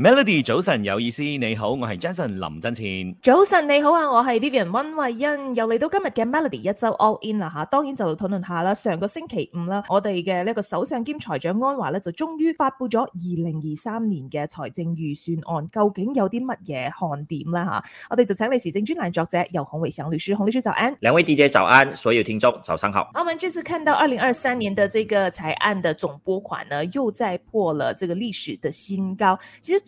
Melody，早晨有意思，你好，我係 Jason 林振倩。早晨你好啊，我係 Vivian 溫慧欣，又嚟到今日嘅 Melody 一周 All In 啦吓，當然就討論下啦。上個星期五啦，我哋嘅呢個首相兼財長安華咧就終於發布咗二零二三年嘅財政預算案，究竟有啲乜嘢看點啦吓？我哋就請你時政專欄作者、由孔維祥律師，孔律師就安。兩位 DJ 早安，所有聽眾早上好。我們這次看到二零二三年嘅呢個財案嘅總撥款呢，又再破了這個歷史的新高。其實。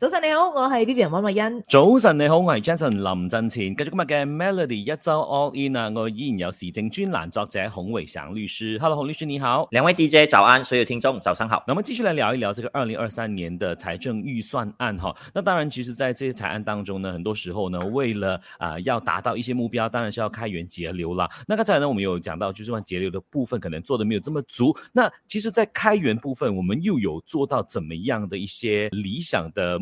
早晨你好，我係 Vivian 韋文欣。早晨你好，我係 Jason 林振前。繼續今日嘅 Melody 一周 All In 啊，我依然有時政專欄作者洪偉祥律師。Hello，洪律師你好。兩位 DJ 早安，所有聽眾早上好。那我們繼續嚟聊一聊呢個二零二三年的財政預算案哈。那當然，其實在這些財案當中呢，很多時候呢，為了啊、呃、要達到一些目標，當然是要開源節流啦。那剛才呢，我們有講到，就話節流的部分可能做得沒有咁足。那其實在開源部分，我們又有做到怎麼樣的一些理想的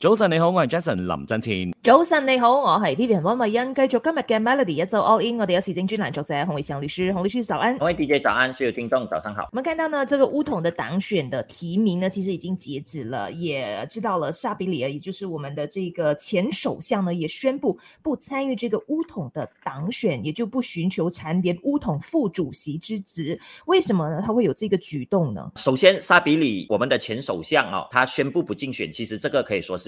早晨你好，我係 Jason 林振清。早晨你好，我係 Vivian 溫慧欣。繼續今日嘅 Melody 一周 All In，我哋有時事專欄作者洪偉祥律師。洪律師早安，各位 DJ，早安，所有聽眾，早上好。我們看到呢，這個巫統的黨選的提名呢，其實已經截止了，也知道了沙比里，也就是我們的這個前首相呢，也宣布不參與這個巫統的黨選，也就不尋求蟬聯巫統副主席之職。為什麼呢？他會有這個舉動呢？首先，沙比里我們的前首相啊、哦，他宣布不競選，其實這個可以說是。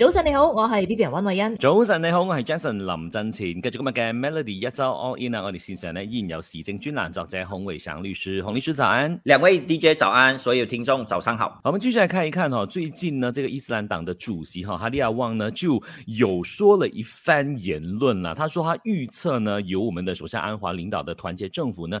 早晨你好，我係 DJ 溫慧恩。早晨你好，我係 Jason 林振前。繼續今日嘅 Melody 一周 all in n 啊，我哋線上呢依然有時政專欄作者洪偉祥律師，洪律師早安。兩位 DJ 早安，所有聽眾早上好。我們繼續來看一看哈，最近呢，這個伊斯蘭黨的主席哈哈利亞旺呢就有說了一番言論啦。他說他預測呢，由我們的首相安華領導的團結政府呢。